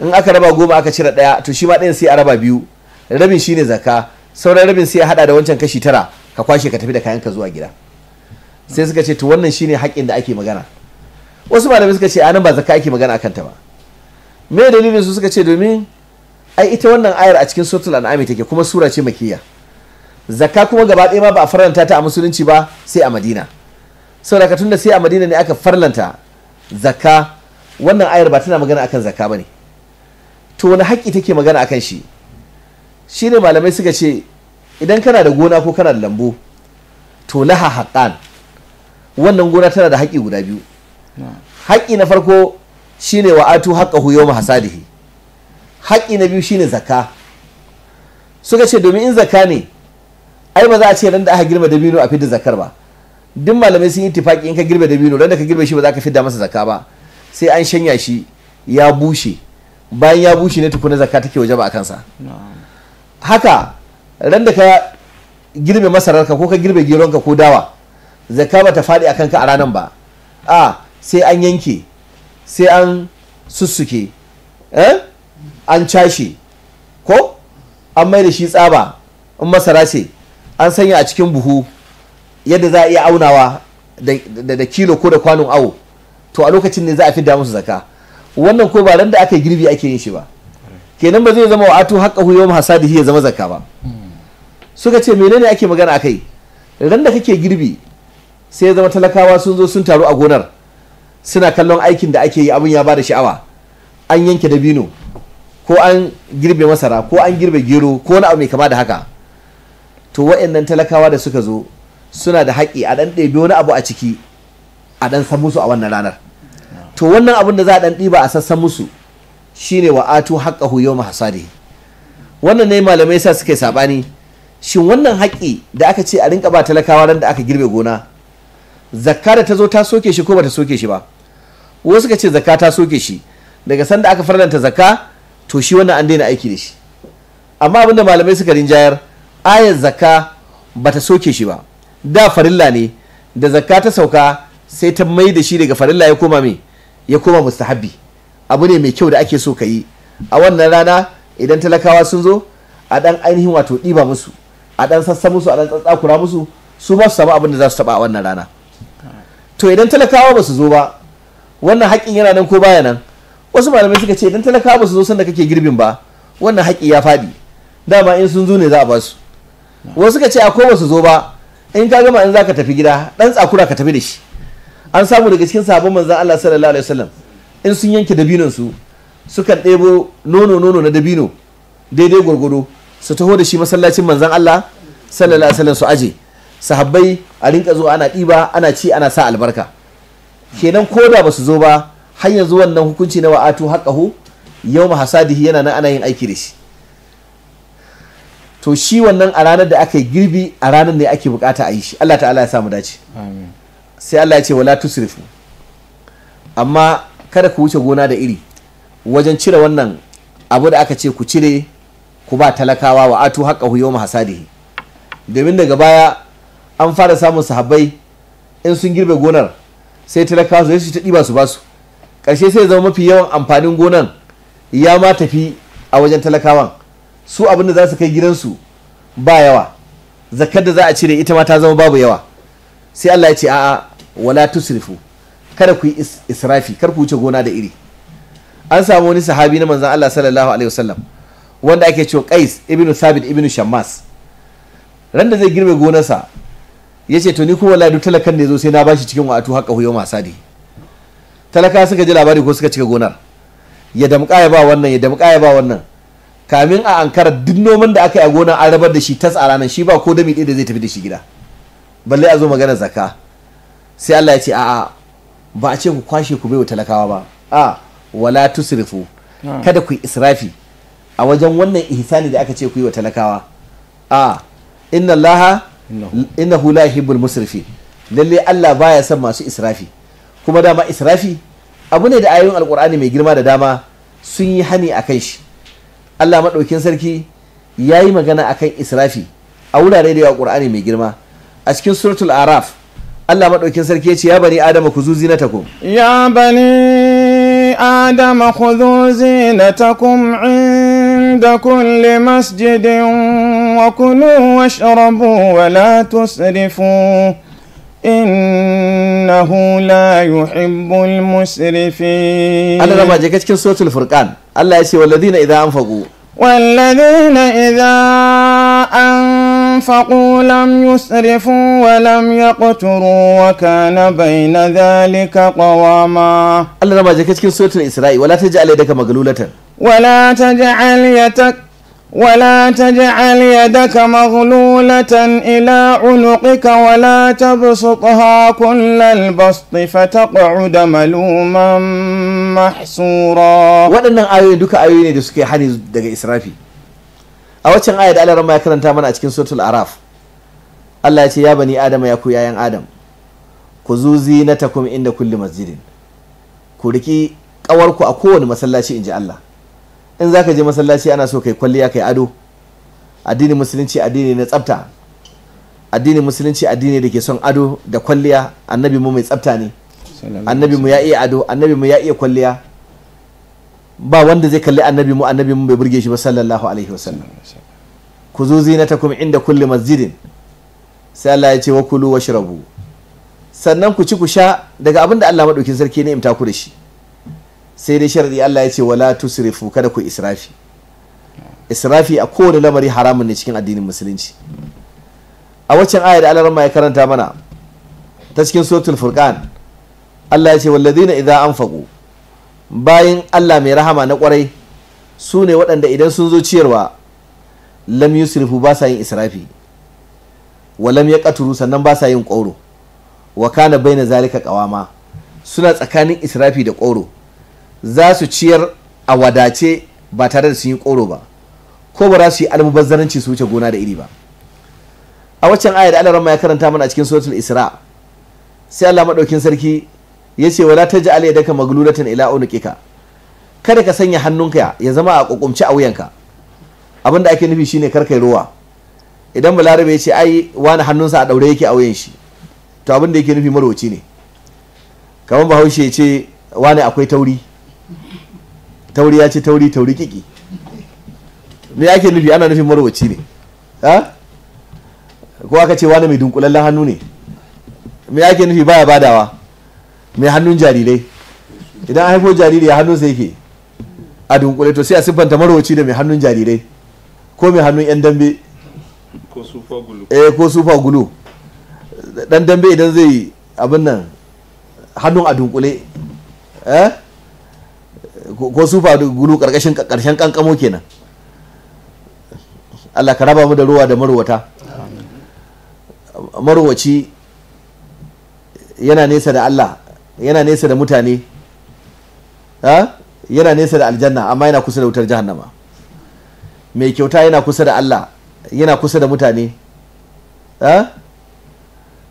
[SPEAKER 1] in aka raba goma aka cire ɗaya to shi ma ɗayan sai a raba biyu rabin shine zaka, sauran rabin sai a haɗa da wancan kashi tara ka kwashe ka tafi da kayan ka zuwa gida sai suka ce to wannan shine haƙƙin da ake magana wasu malamai suka ce anan ba zakka ake magana akan ta ba me dalilin su suka ce domin ai ita wannan ayar a cikin suratul an'ami take kuma sura ce makiyya zakka kuma gaba ɗaya ma ba a farlanta ta a musulunci ba sai a madina saboda tunda sai a madina ne aka farlanta zakka wannan ayar ba tana magana akan zakka bane to wani haƙƙi take magana akan shi shine malamai suka ce idan kana da gona ko kana da lambu to laha haqqan wannan gona tana da haƙƙi guda biyu haƙƙi na farko shine wa atu huyo ma hasadihi haƙƙi na biyu shine zaka suka ce domin in zaka ne ai ba za a ce ran da aka girma dabino a fidda zakar ba duk malamai sun yi tifaki in ka girbe dabino ran da ka girbe shi ba za ka fidda masa zaka ba sai an shanya shi ya bushe bayan ya bushe ne tukuna zakka take waje ba a kansa haka ran da ka girbe masararka ko ka girbe geronka ko dawa zakka bata faɗi a kanka a ranan ba a sai an yanke sai an sussuke eh? an cashe ko an mai da shi tsaba in masara ce an sanya a cikin buhu yadda za a iya aunawa da kilo ko da kwanon awo to a lokacin ne za a fi da musu zaka wannan ko ba ran da aka yi girbi ake yin shi ba kenan ba zai zama wa atu haqqahu da hasadihi ya zama zaka ba hmm. suka ce menene ake magana akai ran da kake girbi sai zama talakawa sun zo sun taru a gonar suna kallon aikin da ake yi abin ya bada sha'awa an yanke dabino ko an girbe masara ko an girbe gero ko wani abu mai kama da haka to wa'annan talakawa da suka zo suna da haƙƙi a ɗan ɗebe wani abu a ciki a ɗan san musu a wannan ranar to wannan abin da za a ɗan ɗiba a sassan musu shine wa atu haqqahu yawma hasadi wannan ne malamai sa suka yi saɓani. shin wannan haƙƙi da aka ce a rinƙa ba talakawa ran da aka girbe gona zakka da ta zo ta soke shi ko ba ta soke shi ba wasu suka ce zakka ta soke shi daga sanda aka farlanta zakka to shi wannan an daina aiki da shi amma abinda malamai suka rinjayar ayar zakka ta soke shi ba da farilla ne da zakka ta sauka sai ta mai da shi daga farilla ya koma me ya koma mustahabbi abu ne mai kyau da ake so ka yi a wannan rana idan talakawa sun zo a dan ainihin wato ɗiba musu a dan sassa musu a dan tsatsakura musu su ba su samu abin da za su taba a wannan rana to idan talakawa ba su zo ba wannan haƙƙin yana nan ko baya nan wasu malamai suka ce idan talakawa ba su zo sanda kake girbin ba wannan haƙƙi ya faɗi dama in sun zo ne za a ba su wasu suka ce akwai ba su zo ba in ka gama in za ka tafi gida ɗan tsakura ka tafi da shi an samu daga cikin sabon manzan Allah sallallahu alaihi wasallam in sun yanke dabinon su sukan ɗebo nono nono na dabino daidai gwargwado su taho da shi masallacin manzan Allah sallallahu alaihi wasallam su aje sahabbai a rinka zuwa ana ɗiba ana ci ana sa albarka kenan ko da ba su zo ba har yanzu wannan hukunci na wa'atu haƙahu yau hasadihi yana nan ana yin aiki da shi to shi wannan a ranar da aka yi girbi a ranar ne ake bukata a yi shi Allah ta'ala ya samu dace sai Allah ya ce wala tusrifu amma kada ku wuce gona da iri wajen cire wannan abu da aka ce ku cire ku ba talakawa wa'atu haƙahu yau hasadihi domin daga baya an fara samun sahabbai in sun girbe gonar sai talakawa su su ta ɗiba su basu ƙarshe sai zama mafi yawan amfanin gonan ya ma tafi a wajen talakawan su abin da za su kai gidansu ba yawa zakar da za a cire ita ma ta zama babu yawa sai Allah ya ce a'a wala tusrifu kada ku yi israfi kar ku wuce gona da iri an samu wani sahabi na Manzan Allah sallallahu alaihi wasallam wanda ake cewa Qais ibn Thabit ibn Shammas ran da zai girbe gonarsa ya ce to ni kuma wallahi duk talakan ne zo sai na bashi cikin wa'atu haka huyo masa ne talaka suka ji labari ko suka cika gonar ya damƙa ya ba wannan ya damƙa ya ba wannan kamin a ankara duk noman da aka yi a gonar an rabar da shi tas a ranar shi ba ko dami ɗaya da zai tafi da shi gida balle a zo magana zaka sai Allah ya ce a'a ba a ce ku kwashe ku bai wa talakawa ba a wala tusrifu hmm. kada ku israfi a wajen wannan ihsani da aka ce ku yi wa talakawa a inna Laha. innahu la yuhibbul musrifin lalle Allah baya son masu israfi kuma dama israfi abu ne da ayoyin alqur'ani mai girma da dama sun yi hani a kan shi Allah madaukin sarki ya yi magana a kan israfi a wurare da yawa alkur'ani mai girma a cikin suratul araf Allah madaukin sarki ya ce ya bani adama ku zuzi na takum ya
[SPEAKER 2] bani adama khudhu zinatakum inda kulli masjidin وكلوا واشربوا ولا تسرفوا إنه لا يحب المسرفين أنا لما
[SPEAKER 1] جاكت كن سورة الفرقان الله يسي والذين إذا أنفقوا
[SPEAKER 2] والذين إذا أنفقوا لم يسرفوا ولم يقتروا وكان بين ذلك قواما
[SPEAKER 1] الله لما جاكت كن سورة الإسراء ولا تجعل يدك مغلولة
[SPEAKER 2] ولا تجعل يدك ولا تجعل يدك مغلولة إلى عنقك ولا تبسطها كل البسط فتقعد ملوما
[SPEAKER 1] محسورا waɗannan ayoyi duka ayoyi ne da suke hani daga israfi a waccan aya da Allah ya karanta mana a cikin suratul araf Allah ya ce ya bani adama ya ku yayan adam ku zuzi na takum inda kulli masjidin ku riki kawarku a kowane masallaci in ji Allah in ka je masallaci ana so kai kwalliya kai ado addinin musulunci addini na tsafta addinin musulunci addini da ke son ado da kwalliya annabi mu mai tsafta ne annabi mu ya iya ado annabi mu ya iya kwalliya ba wanda zai kalli annabi mu annabi mu bai burge shi ba sallallahu alaihi wasallam ku zo zinatakum inda kulli masjidin sai Allah ya ce wa kulu washrabu sannan ku ci ku sha daga abin da Allah madaukin sarki ne imta ku da shi sai dai sharadi Allah ya ce wala tusrifu kada ku israfi israfi a kowane lamari haramun ne cikin addinin musulunci a waccan aya da Allah ya karanta mana ta cikin suratul furqan Allah ya ce walladina an anfaqu bayan Allah mai rahama na kwarai su ne waɗanda idan sun zo ciyarwa lam yusrifu ba sa yin israfi wa lam yaqturu sannan ba sa yin ƙoro wa kana baina zalika qawama suna tsakanin israfi da ƙoro za su ciyar a wadace ba tare da sun yi koro ba ko ba za su yi almubazzaranci su wuce gona da iri ba a waccan aya da alarama ya karanta mana a cikin suratul isra sai Allah maɗaukin sarki ya ce wala taj'al yadaka maglulatan ila ka? kada ka sanya hannunka ya zama a kokumci a wuyanka abin da ake nufi shine kar kai ruwa idan balarabe ya ce ai wani hannunsa a daure yake a wuyan shi to abin da yake nufi marwaci ne kamar bahaushe ya ce wani akwai tauri tauri ya ce tauri tauri kiki me ake nufi ana nufin marwaci ne ha ko aka ce wani mai dunkulallen hannu ne me ake nufi baya badawa mai hannun jarirai idan an haifo jariri hannun sai yake a dunkule to sai a siffanta marwaci da mai hannun jarirai ko mai hannun yan dambe ko sufa gulu dan eh, dambe idan zai abin nan hannun a dunkule eh ko sufa gulu karkashin karshen kankamo kenan Allah ka raba mu da ruwa da marwata marwaci yana nesa da Allah yana nesa da mutane yana nesa da aljanna amma yana kusa da wutar jahannama mai kyauta yana kusa da Allah yana kusa da mutane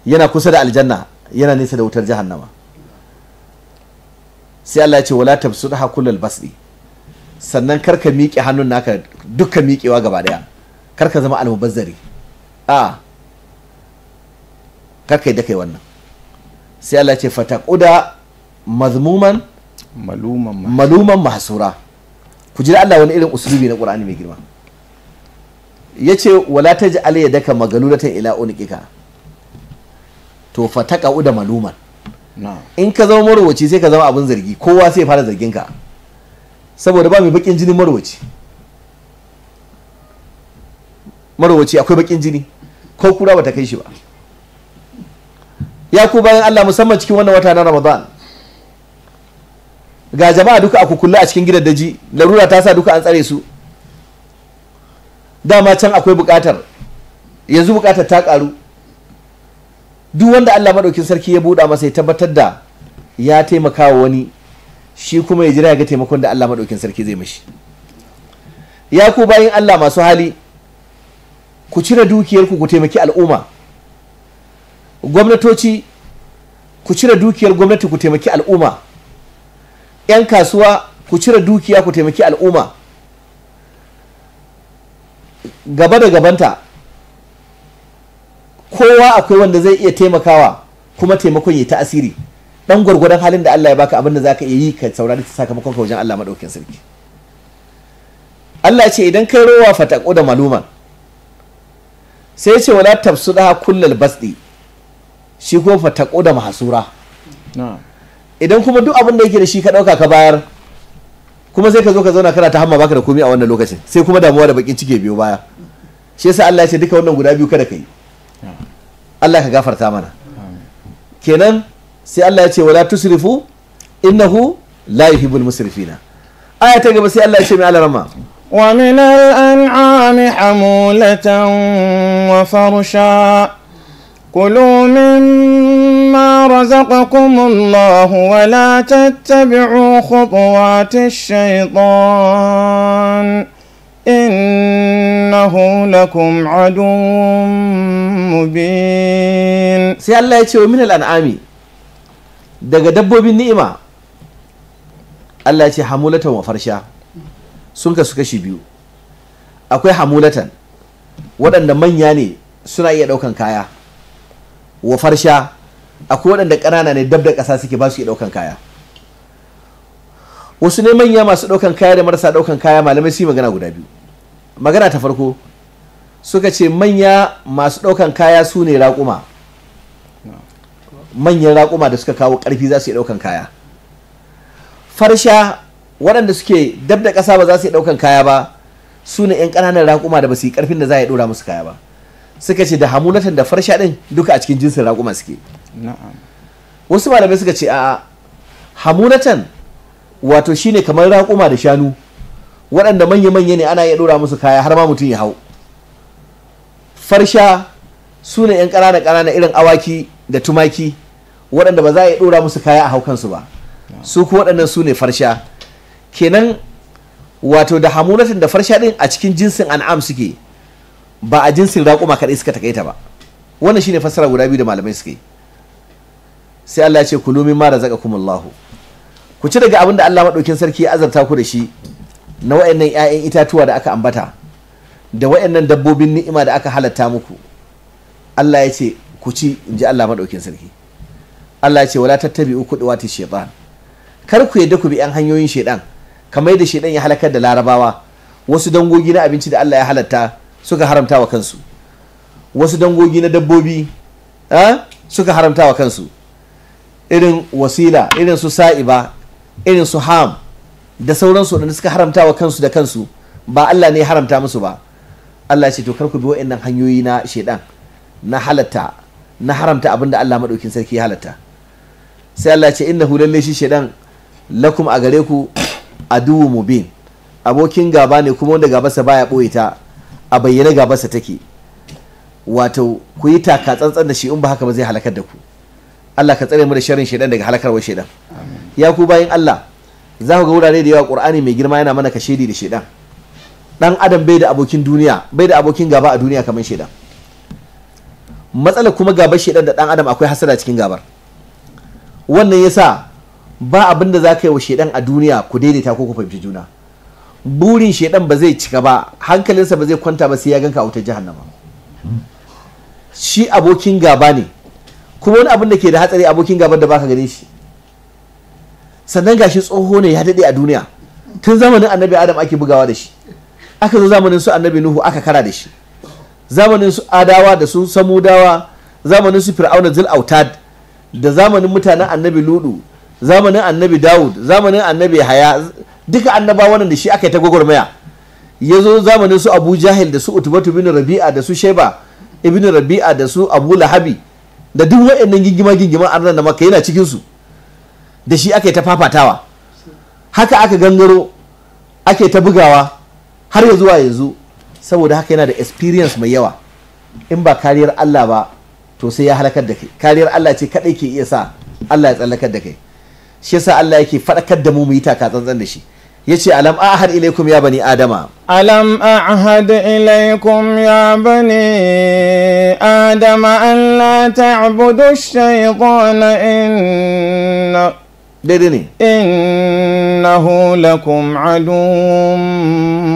[SPEAKER 1] yana kusa da aljanna yana nesa da wutar jahannama sai Allah ya ce wala da hakulal basdi sannan karka miƙe hannun naka dukkan miƙewa gaba daya karka zama almubazzari a karka da kai wannan sai Allah ya ce fataquda mazmuman maluman maluman mahsura ku jira Allah wani irin usulubi na Qur'ani mai girma yace wala taj'al yadaka magalulatan ila unikika to fataqa'u uda maluman in ka zama marwaci sai ka zama abin zargi kowa sai fara zargin ka saboda ba mai bakin jini marwaci marwaci akwai bakin jini ko kura bata kai shi ba ya ku bayan Allah musamman cikin wannan wata na Ramadan ga jama'a duka a kukulle a cikin gidan daji larura ta sa duka an tsare su dama can akwai bukatar yanzu bukatar ta karu duk wanda Allah madaukin sarki ya buɗa masa ya tabbatar da ya taimaka wa wani shi kuma ya jira ya ga taimakon da Allah madaukin sarki zai mashi ya ku bayin Allah masu hali ku cire dukiyarku ku taimaki al'umma gwamnatoci ku cire dukiyar gwamnati ku taimaki al'umma 'yan kasuwa ku cire dukiya ku taimaki al'umma gaba da gabanta kowa akwai wanda zai iya taimakawa kuma taimakon ya ta asiri dan gwargwadon halin da Allah ya baka abin da zaka iya yi ka saurari sakamakon ka wajen Allah madaukakin sarki Allah ya ce idan kai rowa fataqo da maluman sai ya ce wala tafsuda kullal basdi shi ko fataqo da mahsura idan kuma duk abin da yake da shi ka dauka ka bayar kuma sai ka zo ka zauna kana ta hamma baka da komai a wannan lokacin sai kuma damuwa da bakin cike biyo baya shi yasa Allah ya ce duka wannan guda biyu kada ka yi Allah ka gafarta mana kenan sai Allah ya ce wala tusrifu innahu la yuhibbul musrifina aya ta gaba sai Allah ya ce mai alarma wa min
[SPEAKER 2] al'ami hamulatan wa farsha kulu mimma razaqakum Allah wa la tattabi'u khutuwatish shaiɗan. إنه لكم عدو مبين
[SPEAKER 1] سي الله يتشو من الأنعام دقا دبو بن بالنئمة الله يتشي حمولة وفرشا سنك سكشي بيو أكوي حمولة ودن من يعني سنعي iya كايا وفرشا أكوي ودن دك waɗanda ƙanana ne أساسي da ƙasa كايا wasu ne manya masu ɗaukan kaya da marasa ɗaukan kaya malamai su yi magana guda biyu magana ta farko suka ce manya masu ɗaukan kaya su ne raƙuma manyan raƙuma da suka kawo ƙarfi za su yi ɗaukan kaya farsha waɗanda suke dab da ƙasa ba za su yi ɗaukan kaya ba su ne 'yan ƙananan raƙuma da ba su yi ƙarfin da za a yi ɗora musu kaya ba suka ce da hamunatan da farsha ɗin duka a cikin jinsin raƙuma suke wasu malamai suka ce a hamunatan wato shine kamar raƙuma da shanu waɗanda manya-manya ne ana iya ɗora musu kaya har ma mutum ya hau farsha su ne 'yan ƙanana ƙanana irin awaki da tumaki waɗanda ba za a iya ɗora musu kaya a haukansu ba su ku waɗannan su ne farsha kenan wato da hamunatin da farsha ɗin a cikin jinsin an'am suke ba a jinsin raƙuma kaɗai suka takaita ba wannan shine fassara guda biyu da malamai suke sai Allah ya ce kulu mimma razaqakumullahu ku ci daga abin da Allah madaukin sarki ya azarta ku da shi na wa'annan 'ya'yan itatuwa da aka ambata da wa'annan dabbobin ni'ima da aka halatta muku Allah ya ce ku ci in ji Allah maɗaukin sarki Allah ya ce wala tattabi uku wata shaitan kar ku yadda ku bi 'yan hanyoyin shaiɗan kamar da shaitan ya halakar da larabawa wasu dangogi na abinci da Allah ya halatta suka haramta wa kansu wasu dangogi na dabbobi suka haramta wa kansu irin wasila irin su sa'iba irin su ham da sauransu da suka haramta wa kansu da kansu ba Allah ne haramta musu ba Allah ce to kar ku bi waɗannan hanyoyi na shedan na halatta na haramta abin da Allah madaukin sarki ya halatta sai Allah ce innahu lalle shi shedan lakum a gare ku mu mubin abokin gaba ne kuma wanda gabasa baya boye ta a bayyane gabarsa take wato ku yi taka tsantsan da shi in ba haka ba zai halakar da ku Allah ka tsare mu da sharrin shedan daga halakarwar shedan ya ku bayin Allah za ku ga wurare da yawa ƙur'ani mai girma yana mana kashedi da shedan dan adam bai da abokin duniya bai da abokin gaba a duniya kamar shedan matsalar kuma gaba shedan da dan adam akwai hasada cikin gabar wannan yasa ba abin da za ka yi wa shedan a duniya ku daidaita ko ku fahimci juna burin shedan ba zai cika ba hankalinsa ba zai kwanta ba sai ya ganka a wutar jahannama shi abokin gaba ne kuma wani abin da ke da hatsari abokin gaban da baka gane shi sannan gashi tsoho ne ya daɗe a duniya tun zamanin annabi adam ake bugawa da shi aka zo zamanin su annabi nuhu aka kara da shi zamanin su adawa da su samudawa zamanin su fir'auna zil autad da zamanin mutanen annabi ludu zamanin annabi dawud zamanin annabi haya duka annabawan da shi aka yi ta gwagwarmaya ya zo zamanin su abu jahil da su utubatu bin rabi'a da su sheba ibn rabi'a da su abu lahabi da duk wa'annan gingima gingima an ranar da maka yana cikin su da shi ake ta fafatawa haka aka gangaro ake ta bugawa har ya zuwa yanzu saboda haka yana da experience mai yawa in ba kariyar Allah ba to sai ya halakar da kai kariyar Allah ce kadai ke iya sa Allah ya tsallakar da kai shi yasa Allah yake faɗakar da mu mu yi taka tsantsan da shi yace alam ahad ilaikum ya bani adama
[SPEAKER 2] alam ahad ilaikum ya bani adama an la ta'budu ash-shaytana inna ديدني انه لكم عدو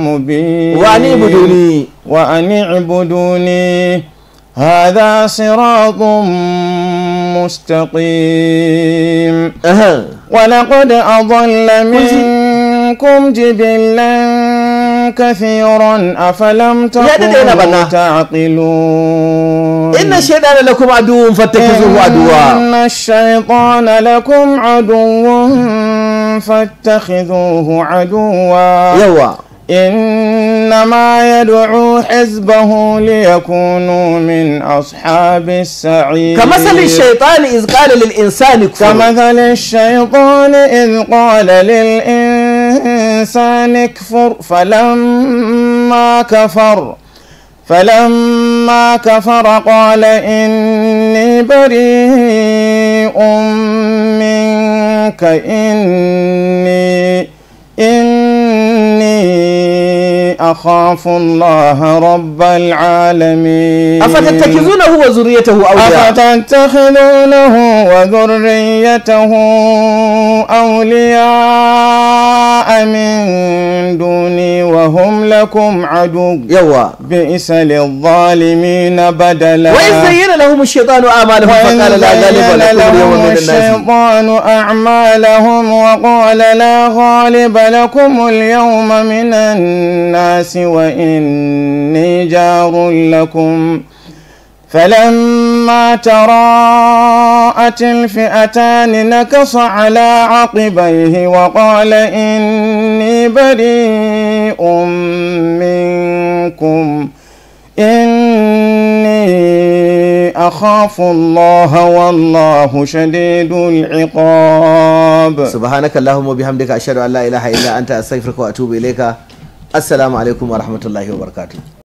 [SPEAKER 2] مبين وان اعبدوني وان اعبدوني هذا صراط مستقيم ولقد اضل منكم جبلا كثيرا أفلم تكونوا تعقلون إن الشيطان لكم عدو
[SPEAKER 1] فاتخذوه عدوا إن
[SPEAKER 2] الشيطان لكم عدو فاتخذوه عدوا يوا إنما يدعو حزبه ليكونوا من أصحاب السعير كمثل الشيطان إذ قال للإنسان كفر كمثل الشيطان إذ قال للإنسان الإنسان اكفر فلما كفر فلما كفر قال إني بريء منك إني إني أخاف الله رب العالمين أفتتخذونه وذريته أولياء أفتتخذونه وذريته أولياء من دوني وهم لكم عدو يوا بئس للظالمين بدلا وإن زين لهم الشيطان أعمالهم فقال لا غالب لكم اليوم من الناس الشيطان أعمالهم وقال لا غالب لكم اليوم من الناس وإني جار لكم فلما فلما تراءت الفئتان نكص على عقبيه وقال إني بريء منكم إني أخاف
[SPEAKER 1] الله والله شديد العقاب سبحانك اللهم وبحمدك أشهد أن لا إله إلا أنت أستغفرك وأتوب إليك السلام عليكم ورحمة الله وبركاته